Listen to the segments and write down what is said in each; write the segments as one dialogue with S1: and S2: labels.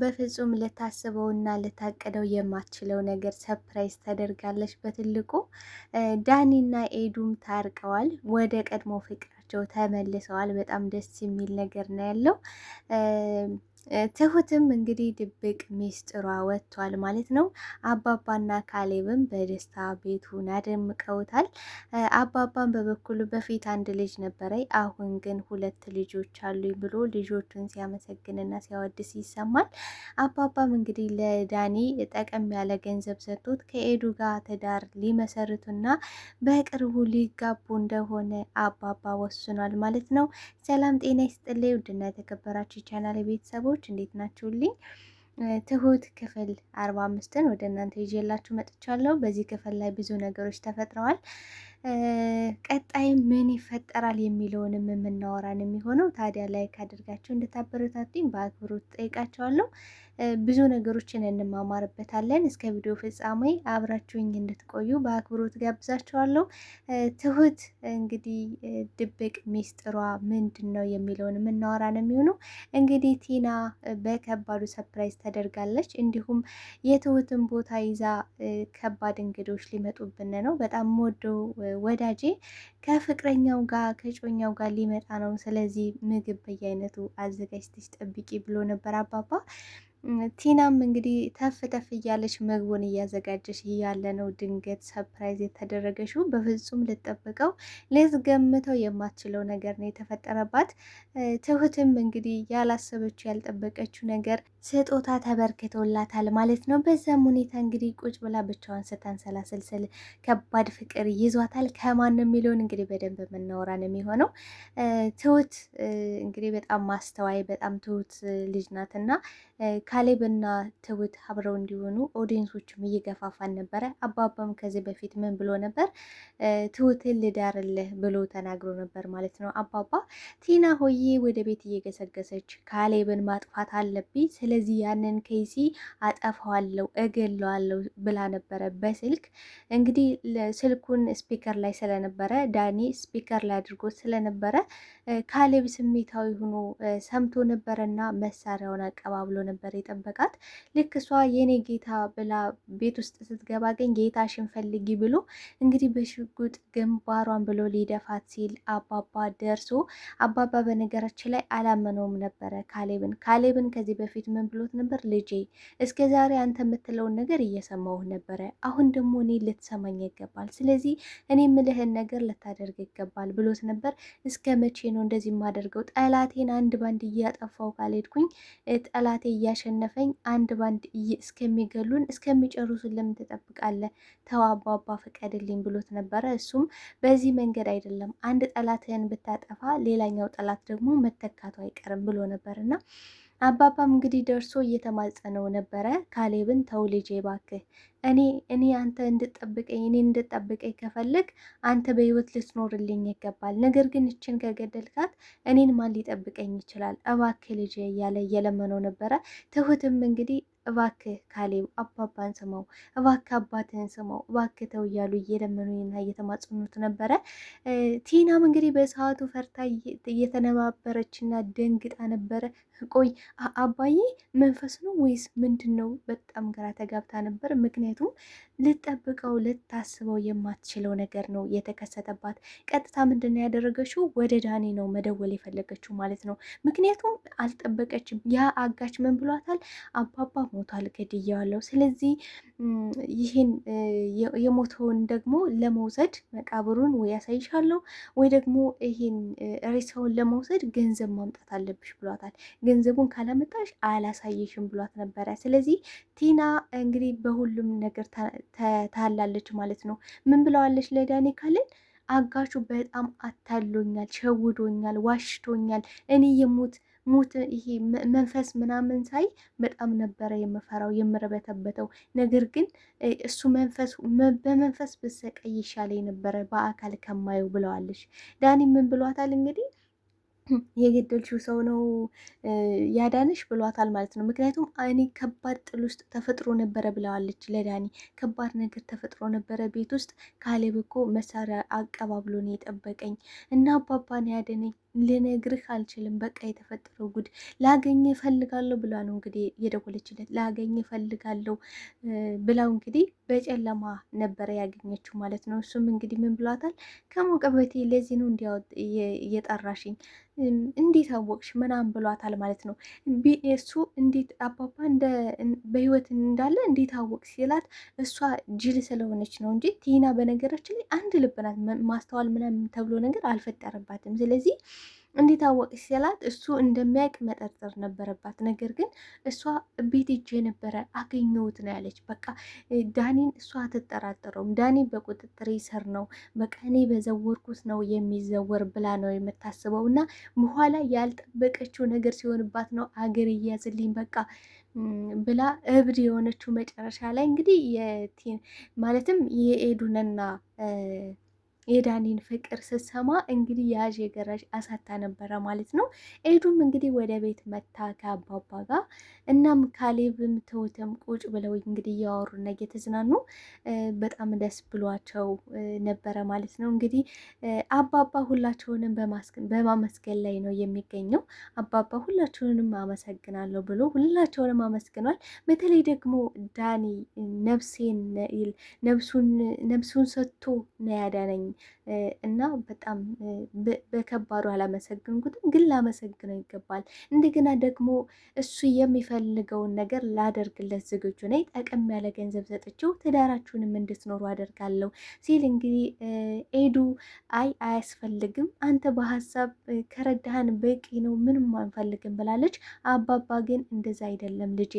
S1: በፍጹም ልታስበውና ልታቅደው የማትችለው ነገር ሰፕራይዝ ተደርጋለች በትልቁ። ዳኒና ኤዱም ታርቀዋል፣ ወደ ቀድሞ ፍቅራቸው ተመልሰዋል። በጣም ደስ የሚል ነገር ነው ያለው። ትሁትም እንግዲህ ድብቅ ሚስጥሯ ወጥቷል ማለት ነው። አባባና ካሌብም በደስታ ቤቱን አደምቀውታል። አባባን በበኩሉ በፊት አንድ ልጅ ነበረ፣ አሁን ግን ሁለት ልጆች አሉ ብሎ ልጆቹን ሲያመሰግንና ሲያወድስ ይሰማል። አባባም እንግዲህ ለዳኒ ጠቀም ያለ ገንዘብ ሰጥቶት ከኤዱ ጋር ትዳር ሊመሰርቱና በቅርቡ ሊጋቡ እንደሆነ አባባ ወስኗል ማለት ነው። ሰላም ጤና ይስጥልኝ ውድና የተከበራችሁ ቻናል ቤተሰቦች ቤተሰቦች እንዴት ናችሁልኝ? ትሁት ክፍል አርባ አምስትን ወደ እናንተ ይዤላችሁ መጥቻለሁ። በዚህ ክፍል ላይ ብዙ ነገሮች ተፈጥረዋል። ቀጣይ ምን ይፈጠራል የሚለውንም የምናወራን የሚሆነው ታዲያ ላይክ አድርጋቸው እንድታበረታቱኝ በአክብሮት ጠይቃቸዋለሁ። ብዙ ነገሮችን እንማማርበታለን። እስከ ቪዲዮ ፍጻሜ አብራችሁኝ እንድትቆዩ በአክብሮት ጋብዛቸዋለሁ። ትሁት እንግዲህ ድብቅ ሚስጥሯ ምንድን ነው የሚለውን የምናወራን የሚሆነው እንግዲህ ቲና በከባዱ ሰፕራይዝ ተደርጋለች። እንዲሁም የትሁትን ቦታ ይዛ ከባድ እንግዶች ሊመጡብን ነው በጣም ወደው ወዳጄ ከፍቅረኛው ጋር ከጮኛው ጋር ሊመጣ ነው። ስለዚህ ምግብ በየአይነቱ አዘጋጅተሽ ጠብቂ ብሎ ነበር አባባ ቲናም እንግዲህ ተፍ ተፍ እያለች ምግቡን እያዘጋጀች እያለ ነው ድንገት ሰፕራይዝ የተደረገችው። በፍጹም ልጠብቀው ልትገምተው የማትችለው ነገር ነው የተፈጠረባት። ትሁትም እንግዲህ ያላሰበችው ያልጠበቀችው ነገር ስጦታ ተበርክቶላታል ማለት ነው። በዛም ሁኔታ እንግዲህ ቁጭ ብላ ብቻዋን ስታንሰላስል ከባድ ፍቅር ይዟታል። ከማን ነው የሚለውን እንግዲህ በደንብ የምናወራ ነው የሚሆነው። ትሁት እንግዲህ በጣም ማስተዋይ በጣም ትሁት ልጅ ናትና ካሌብና ትሁት አብረው እንዲሆኑ ኦዲየንሶችም እየገፋፋን ነበረ። አባባም ከዚህ በፊት ምን ብሎ ነበር? ትሁትን ልዳርልህ ብሎ ተናግሮ ነበር ማለት ነው። አባባ ቲና ሆዬ ወደ ቤት እየገሰገሰች ካሌብን ማጥፋት አለብኝ፣ ስለዚህ ያንን ከይሲ አጠፋዋለሁ፣ እገለዋለሁ ብላ ነበረ በስልክ እንግዲህ ስልኩን ስፒከር ላይ ስለነበረ ዳኒ ስፒከር ላይ አድርጎ ስለነበረ ካሌብ ስሜታዊ ሆኖ ሰምቶ ነበረና መሳሪያውን አቀባብሎ ነበር የጠበቃት። ልክ እሷ የኔ ጌታ ብላ ቤት ውስጥ ስትገባ ግን ጌታሽን ፈልጊ ብሎ እንግዲህ በሽጉጥ ግንባሯን ብሎ ሊደፋት ሲል አባባ ደርሶ አባባ በነገራችን ላይ አላመነውም ነበረ ካሌብን። ካሌብን ከዚህ በፊት ምን ብሎት ነበር? ልጄ እስከ ዛሬ አንተ የምትለውን ነገር እየሰማው ነበረ፣ አሁን ደግሞ እኔ ልትሰማኝ ይገባል፣ ስለዚህ እኔ የምልህን ነገር ልታደርግ ይገባል ብሎት ነበር። እስከ መቼ ነው እንደዚህ የማደርገው? ጠላቴን አንድ ባንድ እያጠፋው ካልሄድኩኝ ጠላቴ እያሸነፈኝ አንድ ባንድ እስከሚገሉን እስከሚጨርሱን ለምን ትጠብቃለህ? ተው አባባ ፈቀድልኝ ብሎት ነበረ። እሱም በዚህ መንገድ አይደለም፣ አንድ ጠላትህን ብታጠፋ ሌላኛው ጠላት ደግሞ መተካቱ አይቀርም ብሎ ነበር እና አባባም እንግዲህ ደርሶ እየተማጸነው ነበረ። ካሌብን ተው ልጄ ባክህ፣ እኔ እኔ አንተ እንድጠብቀኝ እኔ እንድጠብቀኝ ከፈለግ አንተ በህይወት ልትኖርልኝ ይገባል። ነገር ግን እችን ከገደልካት እኔን ማን ሊጠብቀኝ ይችላል? እባክህ ልጄ እያለ እየለመነው ነበረ። ትሁትም እንግዲህ እባክህ ካሌብ አባባን ስማው፣ እባክህ አባትህን ስማው፣ እባክህ ተው እያሉ እየለመኑና እየተማጽኑት ነበረ። ቲናም እንግዲህ በሰዓቱ ፈርታ እየተነባበረችና ደንግጣ ነበረ። ቆይ አባዬ መንፈስ ነው ወይስ ምንድን ነው? በጣም ግራ ተጋብታ ነበር። ምክንያቱም ልጠብቀው ልታስበው የማትችለው ነገር ነው የተከሰተባት። ቀጥታ ምንድን ነው ያደረገችው? ወደ ዳኒ ነው መደወል የፈለገችው ማለት ነው። ምክንያቱም አልጠበቀችም። ያ አጋች ምን ብሏታል? አባባ ሞቷል፣ ገድያዋለሁ። ስለዚህ ይህን የሞተውን ደግሞ ለመውሰድ መቃብሩን ወይ ያሳይሻለሁ ወይ ደግሞ ይህን ሬሳውን ለመውሰድ ገንዘብ ማምጣት አለብሽ ብሏታል። ገንዘቡን ካላመጣሽ አላሳየሽም ብሏት ነበረ። ስለዚህ ቲና እንግዲህ በሁሉም ነገር ታላለች ማለት ነው። ምን ብለዋለች ለዳኔ ካለን አጋቹ በጣም አታሎኛል፣ ሸውዶኛል፣ ዋሽቶኛል እኔ የሞት ሞት ይሄ መንፈስ ምናምን ሳይ በጣም ነበረ የምፈራው የምረበተበተው። ነገር ግን እሱ መንፈስ በመንፈስ ብሰቀይ ይሻለኝ ነበረ በአካል ከማየው ብለዋለች። ዳኒ ምን ብሏታል እንግዲህ የገደልሽው ሰው ነው ያዳንሽ ብሏታል ማለት ነው። ምክንያቱም እኔ ከባድ ጥል ውስጥ ተፈጥሮ ነበረ ብለዋለች ለዳኒ ከባድ ነገር ተፈጥሮ ነበረ ቤት ውስጥ ካሌብ እኮ መሳሪያ አቀባብሎ ነው የጠበቀኝ እና አባባን ያደነኝ ልነግርህ አልችልም። በቃ የተፈጠረው ጉድ ላገኘ እፈልጋለሁ ብላ ነው እንግዲህ የደወለችለት። ላገኘ እፈልጋለሁ ብላው እንግዲህ በጨለማ ነበረ ያገኘችው ማለት ነው። እሱም እንግዲህ ምን ብሏታል? ከሞቀበቴ ለዚህ ነው እንዲያወጥ እየጠራሽኝ እንዴት አወቅሽ ምናምን ብሏታል ማለት ነው። እሱ እንዴት አባባ በህይወት እንዳለ እንዴት አወቅ ሲላት እሷ ጅል ስለሆነች ነው እንጂ ቲና በነገራችን ላይ አንድ ልብ ናት። ማስተዋል ምናምን ተብሎ ነገር አልፈጠረባትም። ስለዚህ እንዴት አወቅሽ ሲላት እሱ እንደሚያውቅ መጠርጠር ነበረባት። ነገር ግን እሷ ቤት እጅ የነበረ አገኘሁት ነው ያለች። በቃ ዳኒን እሷ አትጠራጠረውም። ዳኒ በቁጥጥር ስር ነው፣ በቃ እኔ በዘወርኩት ነው የሚዘወር ብላ ነው የምታስበው። እና በኋላ ያልጠበቀችው ነገር ሲሆንባት ነው አገር እያዝልኝ በቃ ብላ እብድ የሆነችው መጨረሻ ላይ እንግዲህ ማለትም የኤዱንና የዳኒን ፍቅር ስትሰማ እንግዲህ ያዥ የገራዥ አሳታ ነበረ ማለት ነው። ኤዱም እንግዲህ ወደ ቤት መታ ከአባባ ጋር እናም ካሌብም ትሁትም ቁጭ ብለው እንግዲህ እያወሩና እየተዝናኑ በጣም ደስ ብሏቸው ነበረ ማለት ነው። እንግዲህ አባባ ሁላቸውንም በማመስገን ላይ ነው የሚገኘው። አባባ ሁላቸውንም አመሰግናለሁ ብሎ ሁላቸውንም አመስግኗል። በተለይ ደግሞ ዳኒ ነብሴን ነብሱን ሰጥቶ ነው ያዳነኝ እና በጣም በከባዱ አላመሰግንኩትም፣ ግን ላመሰግነው ይገባል። እንደገና ደግሞ እሱ የሚፈልገውን ነገር ላደርግለት ዝግጁ ነኝ። ጠቀም ያለ ገንዘብ ሰጥቼው ትዳራችሁንም እንድትኖሩ አደርጋለሁ ሲል እንግዲህ ኤዱ አይ አያስፈልግም፣ አንተ በሀሳብ ከረዳህን በቂ ነው፣ ምንም አንፈልግም ብላለች። አባባ ግን እንደዛ አይደለም ልጄ፣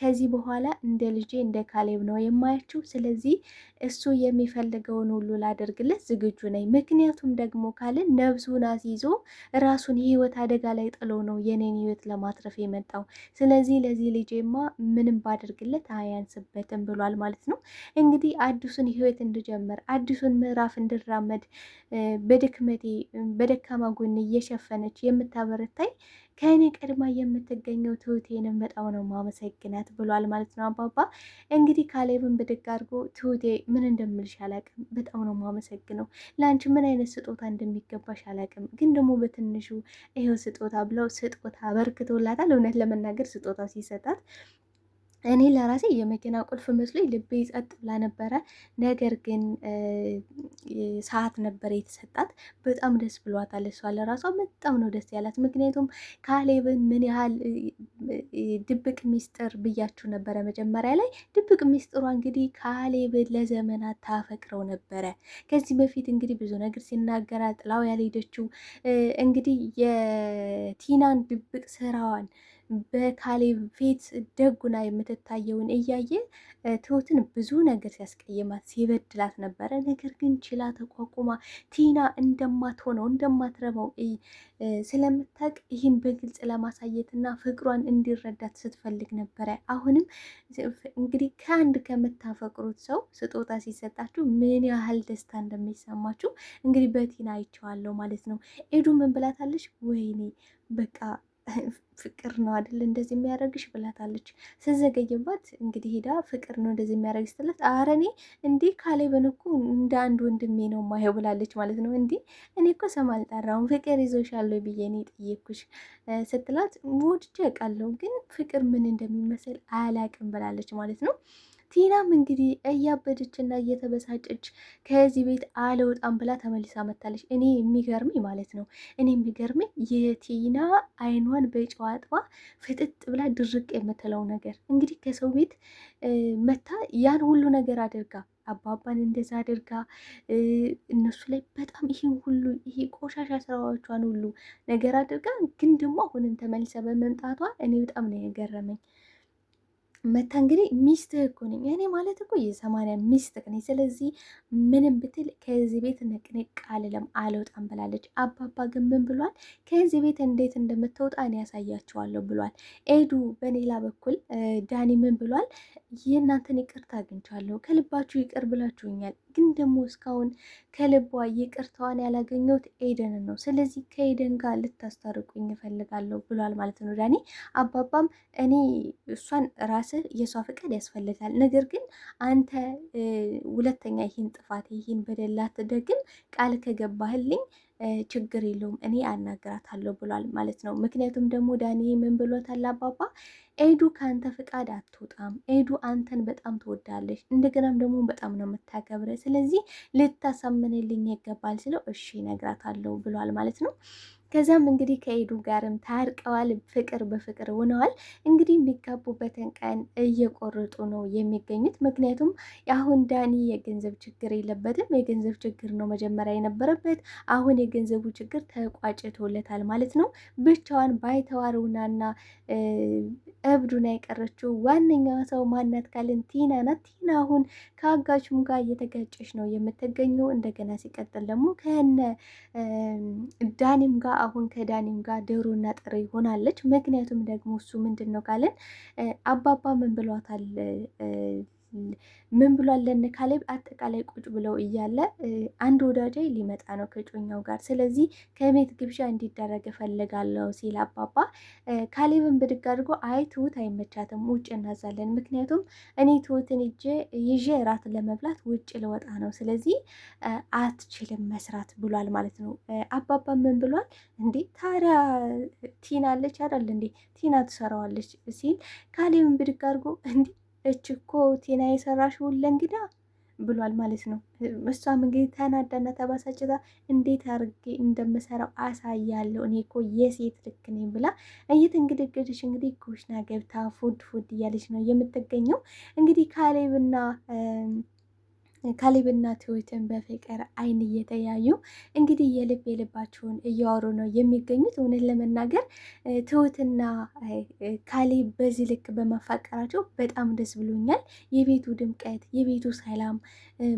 S1: ከዚህ በኋላ እንደ ልጄ እንደ ካሌብ ነው የማያችው። ስለዚህ እሱ የሚፈልገውን ሁሉ ላደርግለት ዝግጁ ነኝ። ምክንያቱም ደግሞ ካልን ነብሱን አስይዞ ራሱን የህይወት አደጋ ላይ ጥሎ ነው የኔን ህይወት ለማትረፍ የመጣው። ስለዚህ ለዚህ ልጄማ ምንም ባደርግለት አያንስበትም ብሏል ማለት ነው። እንግዲህ አዲሱን ህይወት እንድጀምር አዲሱን ምዕራፍ እንድራመድ በድክመቴ በደካማ ጎን እየሸፈነች የምታበረታይ ከእኔ ቀድማ የምትገኘው ትሁቴንም በጣም ነው ማመሰግናት ብሏል ማለት ነው አባባ። እንግዲህ ካሌብን ብድግ አድርጎ ትሁቴ ምን እንደምልሽ አላቅም፣ በጣም ነው ማመሰግነው። ለአንቺ ምን አይነት ስጦታ እንደሚገባሽ አላቅም፣ ግን ደግሞ በትንሹ ይሄው ስጦታ ብለው ስጦታ በርክቶላታል። እውነት ለመናገር ስጦታ ሲሰጣት እኔ ለራሴ የመኪና ቁልፍ መስሎኝ ልቤ ጸጥ ብላ ነበረ። ነገር ግን ሰዓት ነበረ የተሰጣት። በጣም ደስ ብሏታል። እሷ ለራሷ በጣም ነው ደስ ያላት። ምክንያቱም ካሌብን ምን ያህል ድብቅ ሚስጥር ብያችሁ ነበረ መጀመሪያ ላይ። ድብቅ ሚስጥሯ እንግዲህ ካሌብን ለዘመናት ታፈቅረው ነበረ። ከዚህ በፊት እንግዲህ ብዙ ነገር ሲናገራ ጥላው ያልሄደችው እንግዲህ የቲናን ድብቅ ስራዋን በካሌብ ፊት ደጉና የምትታየውን እያየ ትሁትን ብዙ ነገር ሲያስቀይማት ሲበድላት ነበረ። ነገር ግን ችላ ተቋቁማ ቲና እንደማትሆነው እንደማትረባው ስለምታቅ ይህን በግልጽ ለማሳየትና ፍቅሯን እንዲረዳት ስትፈልግ ነበረ። አሁንም እንግዲህ ከአንድ ከምታፈቅሩት ሰው ስጦታ ሲሰጣችሁ ምን ያህል ደስታ እንደሚሰማችሁ እንግዲህ በቲና አይቼዋለሁ ማለት ነው። ኤዱ ምን ብላታለች? ወይኔ በቃ ፍቅር ነው አይደል እንደዚህ የሚያደርግሽ ብላታለች። ስዘገይባት እንግዲህ ሄዳ ፍቅር ነው እንደዚህ የሚያደርግ ስትላት አረ እኔ እንዲህ ካሌብን እኮ እንደ አንድ ወንድሜ ነው ማየው ብላለች ማለት ነው። እንዲህ እኔ እኮ ስም አልጠራውም ፍቅር ይዞሻል ብዬ እኔ ጠየቅኩሽ ስትላት ወድጄ አውቃለሁ፣ ግን ፍቅር ምን እንደሚመስል አያላቅም ብላለች ማለት ነው። ቲናም እንግዲህ እያበደችና እየተበሳጨች ከዚህ ቤት አለውጣም ብላ ተመልሳ መታለች። እኔ የሚገርመኝ ማለት ነው እኔ የሚገርመኝ የቲና አይኗን በጨው ፍጥጥ ብላ ድርቅ የምትለው ነገር እንግዲህ ከሰው ቤት መታ ያን ሁሉ ነገር አድርጋ አባባን እንደዛ አድርጋ እነሱ ላይ በጣም ይሄን ሁሉ ይሄ ቆሻሻ ስራዎቿን ሁሉ ነገር አድርጋ ግን ደግሞ አሁንም ተመልሳ በመምጣቷ እኔ በጣም ነው የገረመኝ። መታ እንግዲህ ሚስት እኮ ነኝ እኔ ማለት እኮ የሰማንያ ሚስት ነኝ። ስለዚህ ምንም ብትል ከዚህ ቤት ንቅንቅ አልልም አልወጣም ብላለች። አባባ ግን ምን ብሏል? ከዚህ ቤት እንዴት እንደምትወጣ እኔ ያሳያቸዋለሁ ብሏል። ኤዱ በሌላ በኩል ዳኒ ምን ብሏል? የእናንተን ይቅርታ አግኝቻለሁ፣ ከልባችሁ ይቅር ብላችሁኛል ግን ደግሞ እስካሁን ከልቧ ይቅርታዋን ያላገኘሁት ኤደንን ነው። ስለዚህ ከኤደን ጋር ልታስታርቁኝ እፈልጋለሁ ብሏል ማለት ነው ዳኒ። አባባም እኔ እሷን ራስህ የእሷ ፍቃድ ያስፈልጋል፣ ነገር ግን አንተ ሁለተኛ ይህን ጥፋት ይህን በደላት ደግም ቃል ከገባህልኝ ችግር የለውም እኔ አናግራታለሁ ብሏል ማለት ነው። ምክንያቱም ደግሞ ዳኒ ምን ብሎታል? አባባ ኤዱ ከአንተ ፍቃድ አትወጣም። ኤዱ አንተን በጣም ትወዳለች፣ እንደገናም ደግሞ በጣም ነው የምታከብረ። ስለዚህ ልታሳምንልኝ ይገባል ስለው እሺ ነግራታለሁ ብሏል ማለት ነው። ከዛም እንግዲህ ከኤዱ ጋርም ታርቀዋል። ፍቅር በፍቅር ውነዋል። እንግዲህ የሚጋቡበትን ቀን እየቆረጡ ነው የሚገኙት። ምክንያቱም አሁን ዳኒ የገንዘብ ችግር የለበትም። የገንዘብ ችግር ነው መጀመሪያ የነበረበት። አሁን የገንዘቡ ችግር ተቋጭቶለታል ማለት ነው። ብቻዋን ባይተዋርውናና እብዱን አይቀረችው ዋነኛዋ ሰው ማናት ካልን ቲና ናት። ቲና አሁን ከአጋቹም ጋር እየተጋጨች ነው የምትገኘው። እንደገና ሲቀጥል ደግሞ ከነ ዳኒም ጋር አሁን ከዳኒም ጋር ድሩና ጥሪ ሆናለች። ምክንያቱም ደግሞ እሱ ምንድን ነው ካለን አባባ ምን ብሏታል ምን ብሏል ለእነ ካሌብ አጠቃላይ ቁጭ ብለው እያለ አንድ ወዳጄ ሊመጣ ነው ከጮኛው ጋር፣ ስለዚህ ከቤት ግብዣ እንዲደረግ እፈልጋለሁ ሲል አባባ ካሌብን ብድግ አድርጎ አይ ትሁት አይመቻትም፣ ውጭ እናዛለን። ምክንያቱም እኔ ትሁትን ይዤ እራት ለመብላት ውጭ ልወጣ ነው፣ ስለዚህ አትችልም መስራት ብሏል ማለት ነው። አባባ ምን ብሏል እንዴ ታዲያ ቲና አለች አይደል እንዴ ቲና ትሰራዋለች ሲል ካሌብን ብድግ አድርጎ እንዴ እች እኮ ቴና የሰራሽውን ለእንግዳ ብሏል ማለት ነው። እሷም እንግዲህ ተናዳና ተባሳጭታ እንዴት አድርጌ እንደምሰራው አሳያለሁ እኔ እኮ የሴት ልክ ነኝ ብላ እየተንገደገደች እንግዲህ ኩሽና ገብታ ፉድ ፉድ እያለች ነው የምትገኘው እንግዲህ ካሌብና ካሌብና ትሁትን በፍቅር አይን እየተያዩ እንግዲህ የልብ የልባቸውን እያወሩ ነው የሚገኙት። እውነት ለመናገር ትሁትና ካሌብ በዚህ ልክ በመፋቀራቸው በጣም ደስ ብሎኛል። የቤቱ ድምቀት፣ የቤቱ ሰላም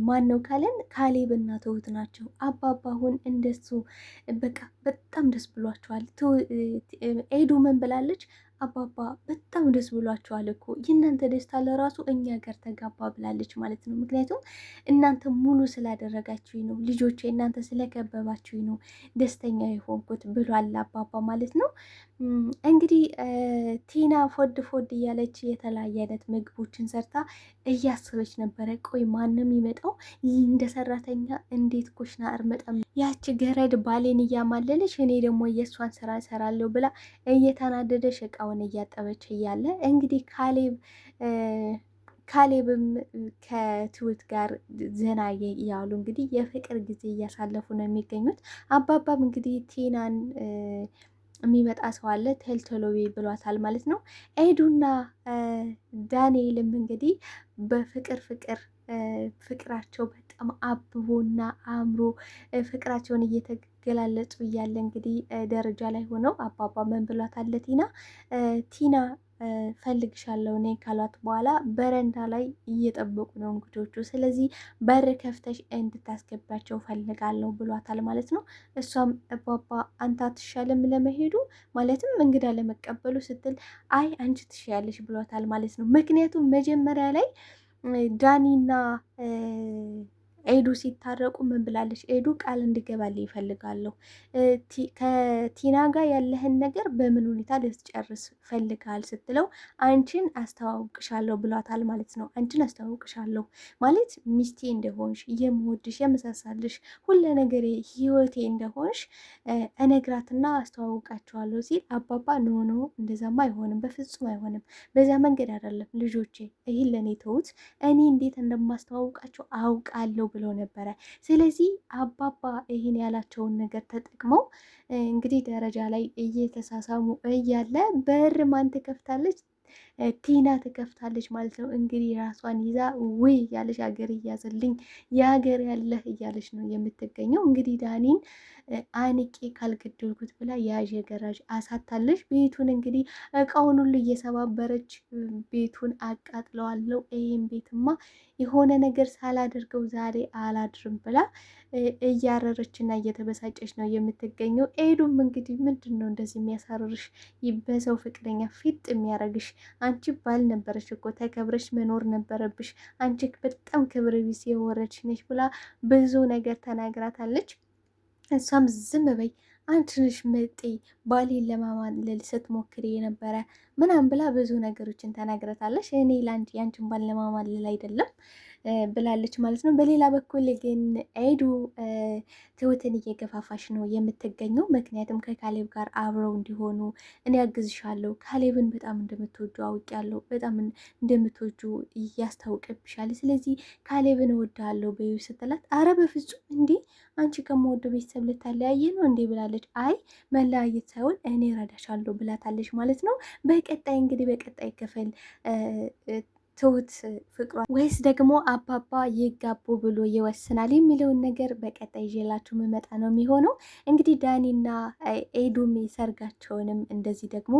S1: ማን ነው ካለን ካሌብና ትሁት ናቸው። አባባሁን እንደሱ በቃ በጣም ደስ ብሏቸዋል። ኤዱ ምን ብላለች? አባባ በጣም ደስ ብሏቸዋል እኮ የእናንተ ደስታ ለራሱ እኛ ጋር ተጋባ ብላለች ማለት ነው። ምክንያቱም እናንተ ሙሉ ስላደረጋችሁኝ ነው ልጆች እናንተ ስለከበባችሁኝ ነው ደስተኛ የሆንኩት ብሏል አባባ ማለት ነው። እንግዲህ ቲና ፎድ ፎድ እያለች የተለያየ አይነት ምግቦችን ሰርታ እያሰበች ነበረ። ቆይ ማንም ይመጣው እንደ ሰራተኛ እንዴት ኮሽና እርመጠም ያች ገረድ ባሌን እያማለለች እኔ ደግሞ የእሷን ስራ እሰራለሁ ብላ እየተናደደች እቃ እቃውን እያጠበች እያለ እንግዲህ ካሌብ ካሌብም ከትሁት ጋር ዘና እያሉ እንግዲህ የፍቅር ጊዜ እያሳለፉ ነው የሚገኙት። አባባም እንግዲህ ቴናን የሚመጣ ሰው አለ ተልተሎቤ ብሏታል ማለት ነው። ኤዱና ዳንኤልም እንግዲህ በፍቅር ፍቅር ፍቅራቸው በጣም አብቦና አምሮ ፍቅራቸውን እየተ ሲገላለጹ እያለ እንግዲህ ደረጃ ላይ ሆነው አባባ ምን ብሏታል ቲና ቲና ፈልግሻለሁ እኔ ካሏት በኋላ በረንዳ ላይ እየጠበቁ ነው እንግዶቹ። ስለዚህ በር ከፍተሽ እንድታስገባቸው ፈልጋለሁ ብሏታል ማለት ነው። እሷም እባባ አንተ አትሻልም ለመሄዱ ማለትም እንግዳ ለመቀበሉ ስትል አይ አንቺ ትሻያለሽ ብሏታል ማለት ነው። ምክንያቱም መጀመሪያ ላይ ዳኒና ኤዱ ሲታረቁ ምን ብላለች? ኤዱ ቃል እንድገባልህ ይፈልጋለሁ። ከቲና ጋር ያለህን ነገር በምን ሁኔታ ልትጨርስ ፈልጋል ስትለው አንቺን አስተዋውቅሻለሁ ብሏታል ማለት ነው። አንቺን አስተዋውቅሻለሁ ማለት ሚስቴ እንደሆንሽ የምወድሽ፣ የመሳሳልሽ ሁለ ነገሬ ህይወቴ እንደሆንሽ እነግራትና አስተዋውቃቸዋለሁ ሲል አባባ ኖኖ እንደዛማ አይሆንም፣ በፍጹም አይሆንም። በዛ መንገድ አይደለም ልጆቼ፣ ይህን ለእኔ ተውት። እኔ እንዴት እንደማስተዋውቃቸው አውቃለሁ ብሎ ነበረ። ስለዚህ አባባ ይህን ያላቸውን ነገር ተጠቅመው እንግዲህ ደረጃ ላይ እየተሳሳሙ እያለ በር ማን ትከፍታለች? ቲና ትከፍታለች ማለት ነው። እንግዲህ ራሷን ይዛ ውይ እያለች ሀገር እያዘልኝ የሀገር ያለህ እያለች ነው የምትገኘው። እንግዲህ ዳኒን አንቄ ካልገደልኩት ብላ የያዥ ገራዥ አሳታለች። ቤቱን እንግዲህ እቃውን ሁሉ እየሰባበረች ቤቱን አቃጥለዋለው፣ ይህም ቤትማ የሆነ ነገር ሳላደርገው ዛሬ አላድርም ብላ እያረረች እና እየተበሳጨች ነው የምትገኘው። ኤዱም እንግዲህ ምንድን ነው እንደዚህ የሚያሳርርሽ በሰው ፍቅረኛ ፊጥ የሚያረግሽ አንቺ ባል ነበረሽ እኮ ተከብረሽ መኖር ነበረብሽ። አንቺ በጣም ክብር ቢስ የወረድሽ ነሽ ብላ ብዙ ነገር ተናግራታለች። እሷም ዝም በይ አንቺ ነሽ መጤ ባሌን ለማማለል ስትሞክር የነበረ ምናምን ብላ ብዙ ነገሮችን ተናግራታለች። እኔ ለአንቺ ያንቺን ባል ለማማለል አይደለም ብላለች ማለት ነው። በሌላ በኩል ግን ኤዱ ትሁትን እየገፋፋሽ ነው የምትገኘው። ምክንያቱም ከካሌብ ጋር አብረው እንዲሆኑ እኔ አግዝሻለሁ፣ ካሌብን በጣም እንደምትወጁ አውቄያለሁ፣ በጣም እንደምትወጁ እያስታውቅብሻል። ስለዚህ ካሌብን እወዳለሁ በዩ ስትላት፣ አረ በፍጹም እንዴ አንቺ ከምወደው ቤተሰብ ልታለያየ ነው እንዴ ብላለች። አይ መለያየት ሳይሆን እኔ ረዳሻለሁ ብላታለች ማለት ነው። በቀጣይ እንግዲህ በቀጣይ ክፍል ትሁት ፍቅሯ ወይስ ደግሞ አባባ ይጋቡ ብሎ ይወስናል የሚለውን ነገር በቀጣይ ይዤላችሁ የምመጣ ነው የሚሆነው። እንግዲህ ዳኒና ኤዱም ሰርጋቸውንም እንደዚህ ደግሞ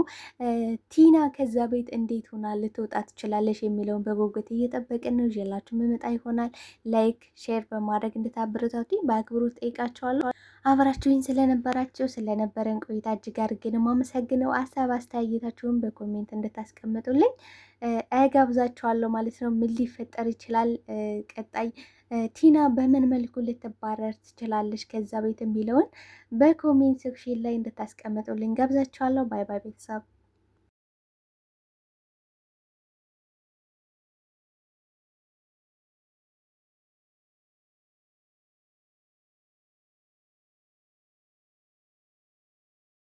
S1: ቲና ከዛ ቤት እንዴት ሆና ልትወጣ ትችላለች የሚለውን በጉጉት እየጠበቅን ነው። ይዤላችሁ የምመጣ ይሆናል። ላይክ ሼር በማድረግ እንድታበረታቱኝ በአክብሮት ጠይቃቸዋለሁ። አብራችሁኝ ስለነበራችሁ ስለነበረን ቆይታ እጅግ አድርገን ማመሰግነው። አሳብ አስተያየታችሁን በኮሜንት እንድታስቀምጡልኝ እጋብዛችኋለሁ ማለት ነው። ምን ሊፈጠር ይችላል? ቀጣይ ቲና በምን መልኩ ልትባረር ትችላለች ከዛ ቤት የሚለውን በኮሜንት ሴክሽን ላይ እንድታስቀምጡልኝ ጋብዛችኋለሁ። ባይ ባይ ቤተሰብ